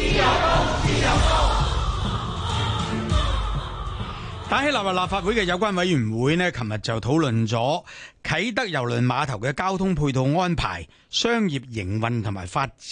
打起立啊！立法會嘅有關委員會呢，琴日就討論咗。啟德郵輪碼頭嘅交通配套安排、商業營運同埋發展，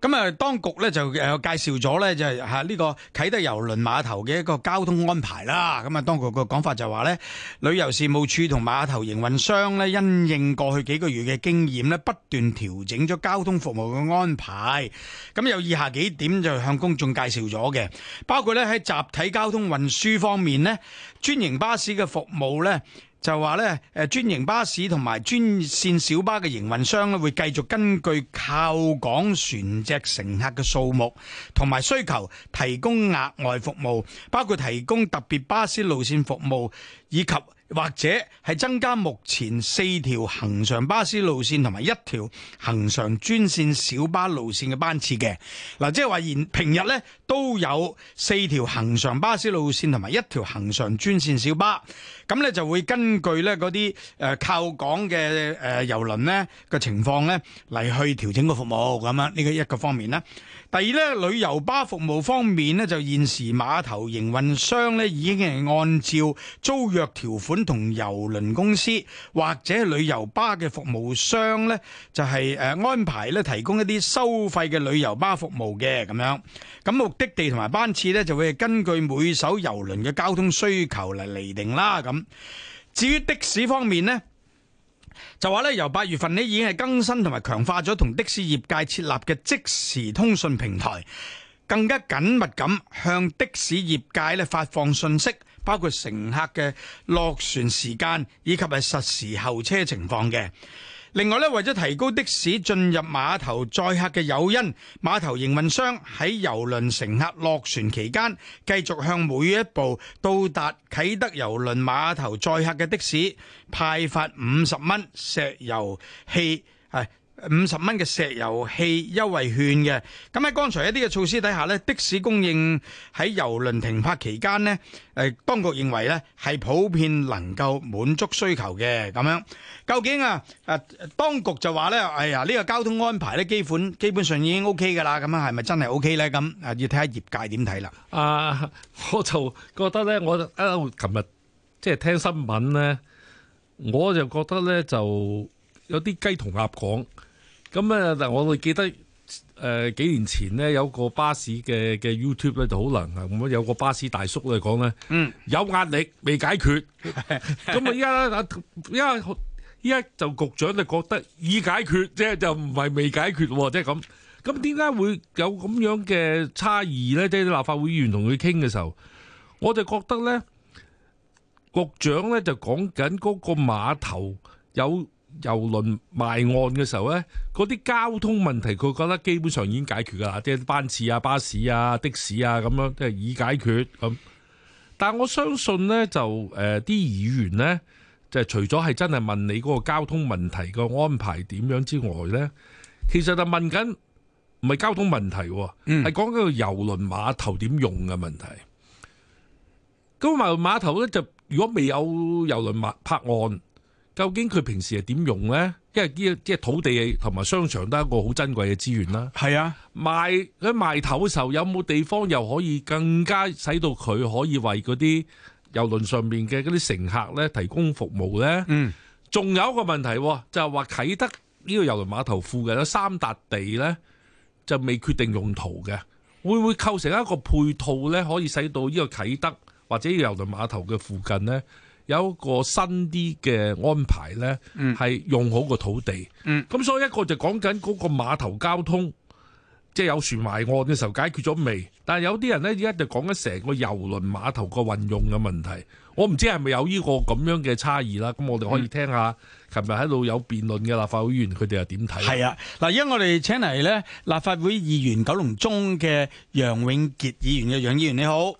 咁啊，當局咧就介紹咗咧，就係吓呢個啟德郵輪碼頭嘅一個交通安排啦。咁啊，當局嘅講法就話咧，旅遊事務處同碼頭營運商咧，因應過去幾個月嘅經驗咧，不斷調整咗交通服務嘅安排。咁有以下幾點就向公眾介紹咗嘅，包括咧喺集體交通運輸方面呢，專營巴士嘅服務咧。就話咧，誒，專營巴士同埋專線小巴嘅營運商咧，會繼續根據靠港船隻乘客嘅數目同埋需求，提供額外服務，包括提供特別巴士路線服務，以及或者係增加目前四條恒常巴士路線同埋一條恒常專線小巴路線嘅班次嘅。嗱，即係話，現平日呢都有四條恒常巴士路線同埋一條恒常專線小巴。咁咧就會根據咧嗰啲誒靠港嘅誒遊輪咧嘅情況咧嚟去調整個服務咁樣，呢個一個方面啦。第二咧旅遊巴服務方面咧，就現時碼頭營運商咧已經係按照租約條款同遊輪公司或者旅遊巴嘅服務商咧，就係誒安排咧提供一啲收費嘅旅遊巴服務嘅咁樣。咁目的地同埋班次咧就會根據每艘遊輪嘅交通需求嚟釐定啦咁。至於的士方面咧就話咧由八月份已經係更新同埋強化咗同的士業界設立嘅即時通訊平台，更加緊密咁向的士業界咧發放信息，包括乘客嘅落船時間以及係實時候車情況嘅。另外咧，為咗提高的士進入碼頭載客嘅誘因，碼頭營運商喺郵輪乘客落船期間，繼續向每一部到達啟德郵輪碼頭載客嘅的，的士派發五十蚊石油氣。五十蚊嘅石油氣優惠券嘅，咁喺剛才一啲嘅措施底下咧，的士供應喺郵輪停泊期間咧，誒，當局認為咧係普遍能夠滿足需求嘅，咁樣究竟啊，誒，當局就話咧，哎呀，呢個交通安排咧，基本基本上已經 OK 噶啦，咁啊，係咪真係 OK 咧？咁啊，要睇下業界點睇啦。啊，我就覺得咧，我就琴日即係聽新聞咧，我就覺得咧就有啲雞同鴨講。咁啊！嗱，我哋記得誒、呃、幾年前咧，有個巴士嘅嘅 YouTube 咧就好難啊！咁啊，有個巴士大叔嚟講咧，嗯，有壓力未解決。咁 啊，依家依家依家就局長就覺得已解決，即係就唔係未解決即係咁。咁點解會有咁樣嘅差異咧？即係立法會議員同佢傾嘅時候，我就覺得咧，局長咧就講緊嗰個碼頭有，郵輪埋岸嘅時候呢，嗰啲交通問題佢覺得基本上已經解決噶啦，即班次啊、巴士啊、的士啊咁樣即係已解決咁。但我相信呢，就誒啲、呃、議員呢，就除咗係真係問你嗰個交通問題個安排點樣之外呢，其實就問緊唔係交通問題，啊，係講緊個郵輪碼頭點用嘅問題。咁郵輪碼頭呢就如果未有郵輪泊岸。究竟佢平時係點用呢？因為即係土地同埋商場都係一個好珍貴嘅資源啦。係啊，賣喺賣頭嘅時候，有冇地方又可以更加使到佢可以為嗰啲郵輪上面嘅嗰啲乘客咧提供服務呢？嗯，仲有一個問題喎，就係話啟德呢個郵輪碼頭附近有三笪地呢，就未決定用途嘅，會唔會構成一個配套呢？可以使到呢個啟德或者呢個郵輪碼頭嘅附近呢？有一個新啲嘅安排咧，係用好個土地，咁、嗯、所以一個就講緊嗰個碼頭交通，即、就、係、是、有船埋岸嘅時候解決咗未？但係有啲人咧，而家就講緊成個郵輪碼頭個運用嘅問題，我唔知係咪有呢個咁樣嘅差異啦。咁我哋可以聽下，琴日喺度有辯論嘅立法會議員，佢哋又點睇？係啊，嗱，因為我哋請嚟咧，立法會議員九龍中嘅楊永杰議員嘅楊議員你好。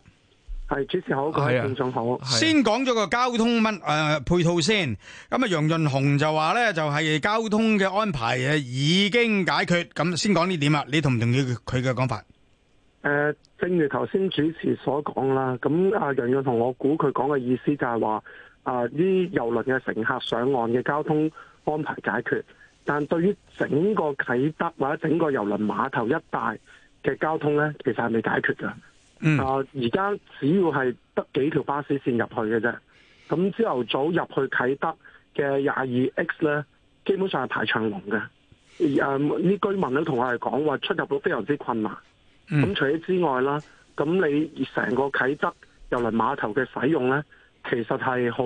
係主持好，各位觀眾好。啊啊、先講咗個交通乜誒、呃、配套先。咁啊，楊潤雄就話咧，就係、是、交通嘅安排誒已經解決。咁先講呢點啊？你同唔同意佢嘅講法？誒、呃，正如頭先主持所講啦。咁啊，楊潤雄，我估佢講嘅意思就係話啊，呢遊輪嘅乘客上岸嘅交通安排解決。但對於整個啟德或者整個遊輪碼頭一帶嘅交通咧，其實係未解決噶。啊，而家只要係得幾條巴士線入去嘅啫，咁朝頭早入去啟德嘅廿二 X 呢，基本上係排長龍嘅。啊、嗯，呢居民呢，同我哋講話出入都非常之困難。咁、mm. 嗯、除咗之外啦，咁你成個啟德郵輪碼頭嘅使用呢，其實係好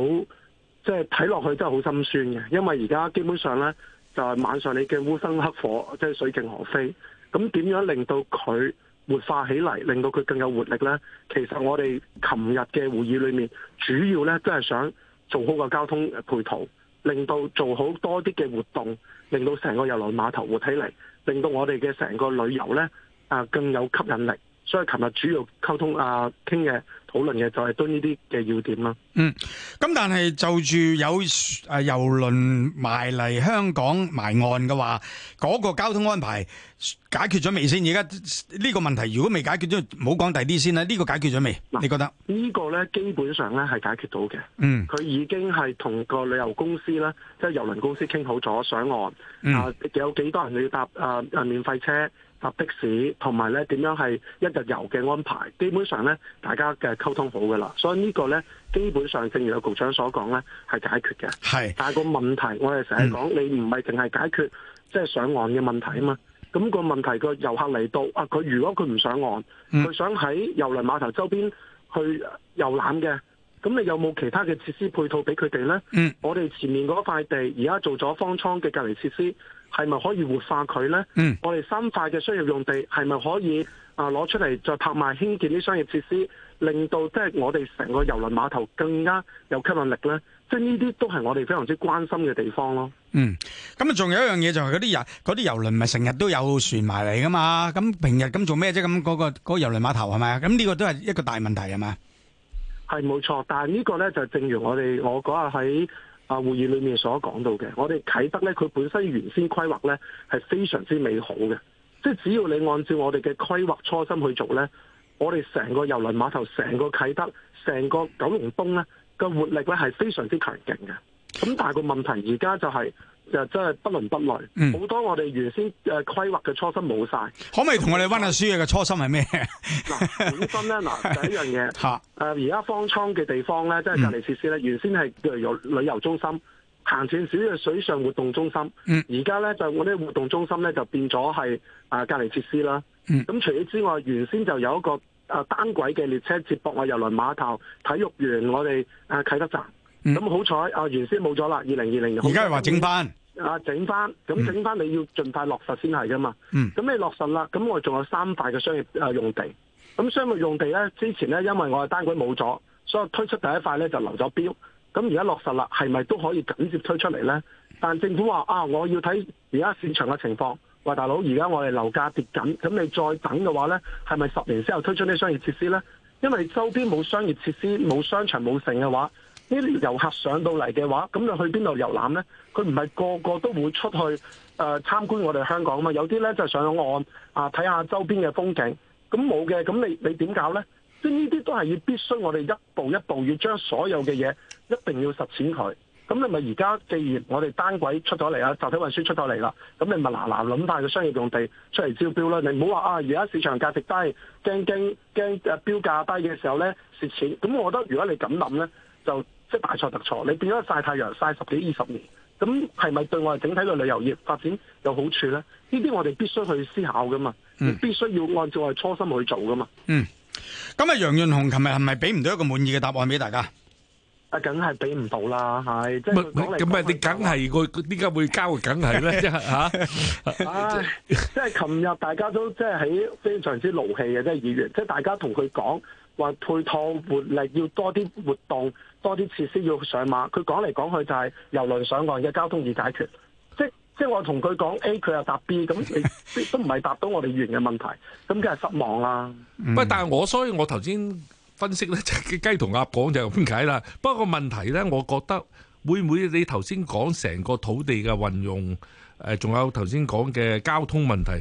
即係睇落去真係好心酸嘅，因為而家基本上呢，就係晚上你嘅烏生黑火，即、就、係、是、水盡河飛。咁點樣令到佢？活化起嚟，令到佢更有活力咧。其實我哋琴日嘅會議裏面，主要咧都係想做好個交通配套，令到做好多啲嘅活動，令到成個郵輪碼頭活起嚟，令到我哋嘅成個旅遊咧啊更有吸引力。所以琴日主要溝通啊，傾嘅討論嘅就係都呢啲嘅要點啦。嗯，咁但係就住有誒郵、呃、輪埋嚟香港埋岸嘅話，嗰、那個交通安排解決咗未先？而家呢個問題如果未解決，唔好講第啲先啦。呢、呢個解決咗未、啊？你覺得、呢個、呢個咧基本上咧係解決到嘅。嗯，佢已經係同個旅遊公司咧，即係郵輪公司傾好咗上岸。嗯，啊、有幾多人要搭誒誒、啊、免費車？搭的士，同埋咧點樣係一日遊嘅安排，基本上咧大家嘅溝通好噶啦，所以個呢個咧基本上正如有局長所講咧，係解決嘅。係，但係個問題，我哋成日講你唔係淨係解決即係、就是、上岸嘅問題啊嘛，咁、那個問題個遊客嚟到啊，佢如果佢唔上岸，佢、嗯、想喺郵輪碼頭周邊去遊覽嘅。咁你有冇其他嘅設施配套俾佢哋呢？嗯，我哋前面嗰一塊地而家做咗方艙嘅隔離設施，係咪可以活化佢呢？嗯，我哋三塊嘅、啊、商業用地係咪可以啊攞出嚟再拍賣興建啲商業設施，令到即係我哋成個郵輪碼頭更加有吸引力呢？即係呢啲都係我哋非常之關心嘅地方咯。嗯，咁啊，仲有一樣嘢就係嗰啲遊輪啲郵輪咪成日都有船埋嚟噶嘛？咁平日咁做咩啫？咁嗰、嗰個嗰、嗰個郵輪碼頭係咪？咁呢個都係一個大問題係嘛？係冇錯，但係呢個呢就正如我哋我嗰日喺啊會議裏面所講到嘅，我哋啟德呢，佢本身原先規劃呢係非常之美好嘅，即係只要你按照我哋嘅規劃初心去做呢，我哋成個郵輪碼頭、成個啟德、成個九龍東呢嘅活力呢係非常之強勁嘅。咁但係個問題而家就係、是。就真係不倫不類，好、嗯、多我哋原先誒規劃嘅初心冇晒。可唔可以同我哋溫下書嘅？初心係咩？嗱， 本身咧，嗱、就是，第一樣嘢，嚇，而家方艙嘅地方咧，即、就、係、是、隔離設施咧、嗯，原先係叫做旅遊中心、行線少嘅水上活動中心，嗯，而家咧就我、是、啲活動中心咧就變咗係啊隔離設施啦，咁、嗯、除此之外，原先就有一個誒單軌嘅列車接駁我郵輪碼頭、體育園、我哋誒啟德站，咁、嗯、好彩啊！原先冇咗啦，二零二零而家話整翻。啊！整翻，咁整翻你要盡快落實先係噶嘛。咁你落實啦，咁我仲有三塊嘅商業用地。咁商業用地咧，之前咧因為我嘅單位冇咗，所以我推出第一塊咧就留咗標。咁而家落實啦，係咪都可以緊接推出嚟咧？但政府話啊，我要睇而家市場嘅情況。話，大佬，而家我哋樓價跌緊，咁你再等嘅話咧，係咪十年之後推出啲商業設施咧？因為周邊冇商業設施、冇商場、冇城嘅話。呢啲遊客上到嚟嘅話，咁你去邊度遊覽呢？佢唔係個個都會出去誒、呃、參觀我哋香港啊嘛！有啲呢就是、上岸啊，睇、呃、下周邊嘅風景。咁冇嘅，咁你你點搞呢？即係呢啲都係要必須，我哋一步一步要將所有嘅嘢一定要實踐佢。咁你咪而家既然我哋單軌出咗嚟啊，集體運輸出咗嚟啦，咁你咪嗱嗱諗曬個商業用地出嚟招標啦！你唔好話啊，而家市場價值低，驚驚驚誒標價低嘅時候呢，蝕錢。咁我覺得如果你咁諗呢，就即、就、係、是、大錯特錯，你變咗曬太陽曬十幾二十年，咁係咪對我哋整體嘅旅遊業發展有好處咧？呢啲我哋必須去思考噶嘛，嗯、必須要按照我哋初心去做噶嘛。嗯，咁啊，楊潤雄琴日係咪俾唔到一個滿意嘅答案俾大家？啊，梗係俾唔到啦，係。咁咪你梗係個？點 解會交？梗係咧， 啊、 即係嚇。即係琴日大家都即係喺非常之勞氣嘅，即、就、係、是、議員，即係大家同佢講。話配套活力要多啲活動，多啲設施要上馬。佢講嚟講去就係郵輪上岸嘅交通已解決。即即我同佢講 A，佢又答 B，咁你都唔係答到我哋原嘅問題，咁梗係失望啦。唔係，但係我所以我頭先分析咧，就雞同鴨講就咁解啦。不過個問題咧，我覺得會唔會你頭先講成個土地嘅運用，誒，仲有頭先講嘅交通問題？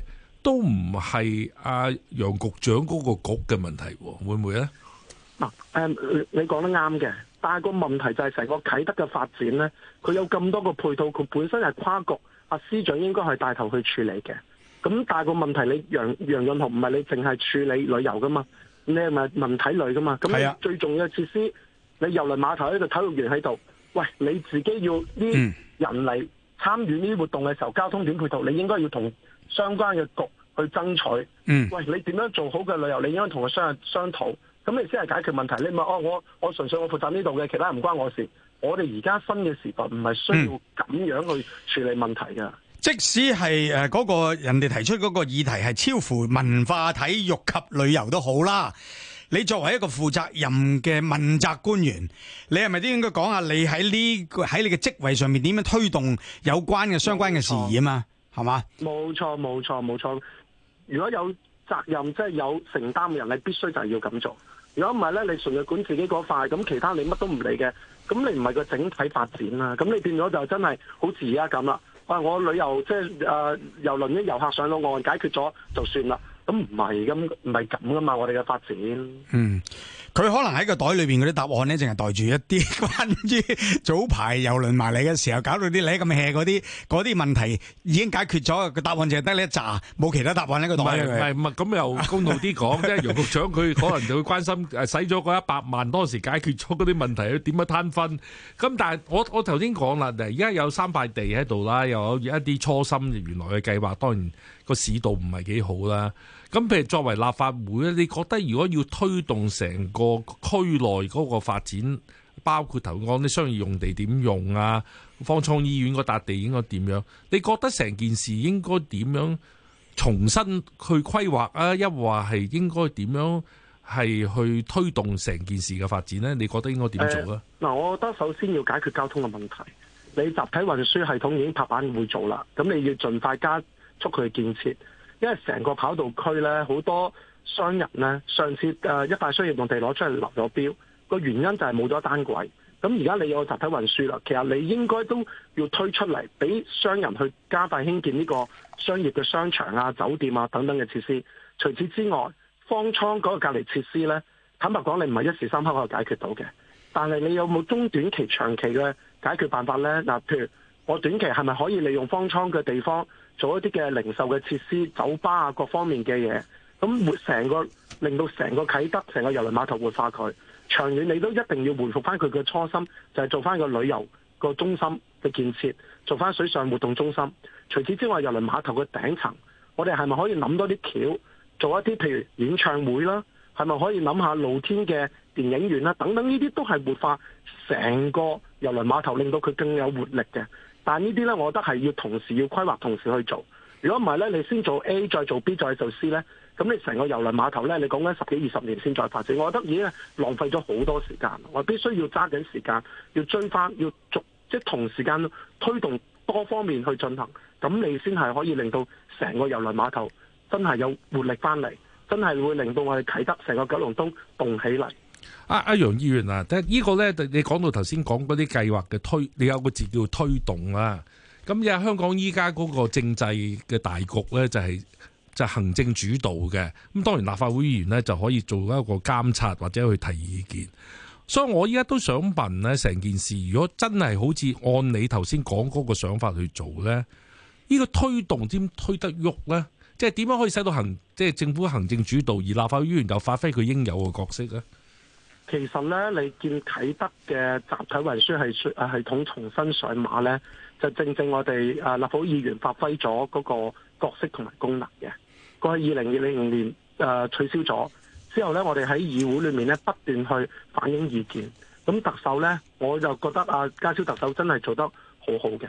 都唔係阿楊局長嗰個局嘅問題，會唔會咧？嗱，誒，你講得啱嘅，但係個問題就係成個啟德嘅發展咧，佢有咁多個配套，佢本身係跨局，阿司長應該係帶頭去處理嘅。咁但係個問題是你，楊楊潤不是你楊楊潤雄唔係你淨係處理旅遊噶嘛？你係咪文體旅噶嘛？咁、啊、最重要嘅設施，你郵輪碼頭喺度，體育園喺度，喂，你自己要啲人嚟。嗯參與呢啲活動嘅時候，交通點配套，你應該要同相關嘅局去爭取。嗯，喂，你點樣做好嘅旅遊，你應該同佢商商討，咁你先係解決問題。你唔哦，我我純粹我負責呢度嘅，其他人唔關我事。我哋而家新嘅時代唔係需要咁樣去處理問題嘅，嗯。即使係誒嗰個人哋提出嗰個議題係超乎文化、體育及旅遊都好啦。你作為一個負責任嘅問責官員，你係咪都應該講下你喺呢個喺你嘅職位上面點樣推動有關嘅相關嘅事宜啊？嘛係嘛？冇錯冇錯冇錯！如果有責任即係有承擔嘅人，你必須就係要咁做。如果唔係咧，你純係管自己嗰塊，咁其他你乜都唔理嘅，咁你唔係個整體發展啦、啊。咁你變咗就真係好似而家咁啦。啊，我旅遊即係誒遊輪啲遊客上到岸解決咗就算啦。咁唔係咁唔係咁噶嘛，我哋嘅發展。嗯，佢可能喺個袋裏邊嗰啲答案咧，淨係袋住一啲關於早排郵輪埋嚟嘅時候搞到啲你咁 hea 嗰啲嗰啲問題已經解決咗，個答案淨係得呢一紮，冇其他答案喺個袋入邊。唔係唔係咁又公道啲講，即係楊局長佢可能就會關心，誒使咗嗰一百萬當時解決咗嗰啲問題，佢點樣攤分？咁但係我我頭先講啦，誒而家有三塊地喺度啦，又有一啲初心，原來嘅計劃當然個市道唔係幾好啦。咁譬如作為立法會咧，你覺得如果要推動成個區內嗰個發展，包括頭先啲商業用地點用啊，方艙醫院嗰笪地應該點樣？你覺得成件事應該點樣重新去規劃啊？抑或係應該點樣係去推動成件事嘅發展呢？你覺得應該點做啊？嗱、呃，我覺得首先要解決交通嘅問題，你集體運輸系統已經拍板會做啦，咁你要盡快加速佢嘅建設。因為成個跑道區呢，好多商人呢，上次誒一塊商業用地攞出嚟立咗標，個原因就係冇咗單軌。咁而家你有集體運輸啦，其實你應該都要推出嚟，俾商人去加快興建呢個商業嘅商場啊、酒店啊等等嘅設施。除此之外，方艙嗰個隔離設施呢，坦白講你唔係一時三刻可以解決到嘅。但係你有冇中短期、長期嘅解決辦法呢？嗱，譬如我短期係咪可以利用方艙嘅地方？做一啲嘅零售嘅設施、酒吧啊，各方面嘅嘢，咁活成個令到成個啟德、成個郵輪碼頭活化佢。長遠你都一定要回復翻佢嘅初心，就係、是、做翻個旅遊個中心嘅建設，做翻水上活動中心。除此之外，郵輪碼頭嘅頂層，我哋係咪可以諗多啲橋，做一啲譬如演唱會啦，係咪可以諗下露天嘅電影院啦，等等呢啲都係活化成個郵輪碼頭令到佢更有活力嘅。但呢啲呢，我覺得係要同時要規劃，同時去做。如果唔係呢，你先做 A，再做 B，再做 C 呢，咁你成個郵輪碼頭呢，你講緊十幾二十年先再發展，我覺得已經浪費咗好多時間。我必須要揸緊時間，要追翻，要逐即同時間推動多方面去進行，咁你先係可以令到成個郵輪碼頭真係有活力翻嚟，真係會令到我哋啟德成個九龍東動起嚟。阿、啊、阿楊議員啊，這個、呢個你講到頭先講嗰啲計劃嘅推，你有個字叫推動啊。咁而香港依家嗰個政制嘅大局呢，就係、是、就是、行政主導嘅。咁當然立法會議員呢就可以做一個監察或者去提意見。所以我依家都想問呢，成件事如果真係好似按你頭先講嗰個想法去做呢，呢、這個推動點推得喐呢？即係點樣可以使到行即係、就是、政府行政主導，而立法會議員就發揮佢應有嘅角色呢？其實咧，你見啟德嘅集體運輸系統重新上馬咧，就正正我哋立法會議員發揮咗嗰個角色同埋功能嘅。過去二零二零年誒、呃、取消咗之後咧，我哋喺議會裏面咧不斷去反映意見。咁特首咧，我就覺得啊，家超特首真係做得好好嘅。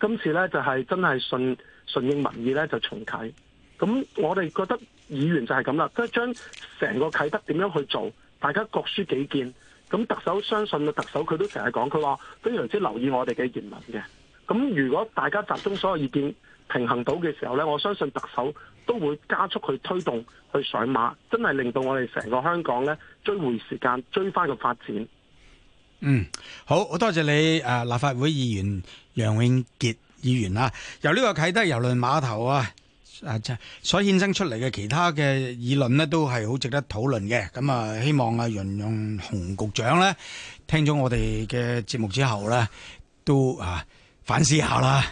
今次咧就係、是、真係順順應民意咧就重啟。咁我哋覺得議員就係咁啦，即係將成個啟德點樣去做。大家各抒己見，咁特首相信啊，特首佢都成日講，佢話非常之留意我哋嘅言文嘅。咁如果大家集中所有意見平衡到嘅時候呢，我相信特首都會加速去推動去上馬，真係令到我哋成個香港呢追回時間，追翻個發展。嗯，好，我多謝你誒、呃，立法會議員楊永杰議員啊，由呢個啟德郵輪碼頭啊。啊，即係所衍生出嚟嘅其他嘅議論咧，都係好值得討論嘅。咁啊，希望啊，楊潤雄局長咧，聽咗我哋嘅節目之後咧，都，啊反思下啦，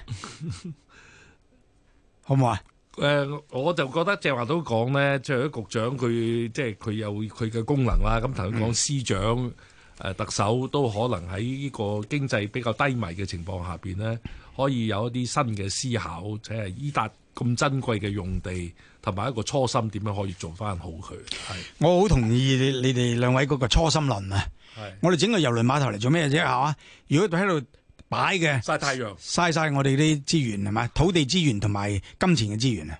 好唔好啊？誒，我就覺得正話都講咧，作為一局長，佢即係佢有佢嘅功能啦。咁頭先講司長。誒，特首都可能喺呢個經濟比較低迷嘅情況下面，咧，可以有一啲新嘅思考，即係依笪咁珍貴嘅用地同埋一個初心點樣可以做翻好佢。係。我好同意你你哋兩位嗰個初心論啊。係。我哋整個郵輪碼頭嚟做咩啫？嚇啊！如果喺度擺嘅曬太陽，嘥晒我哋啲資源係咪？土地資源同埋金錢嘅資源啊！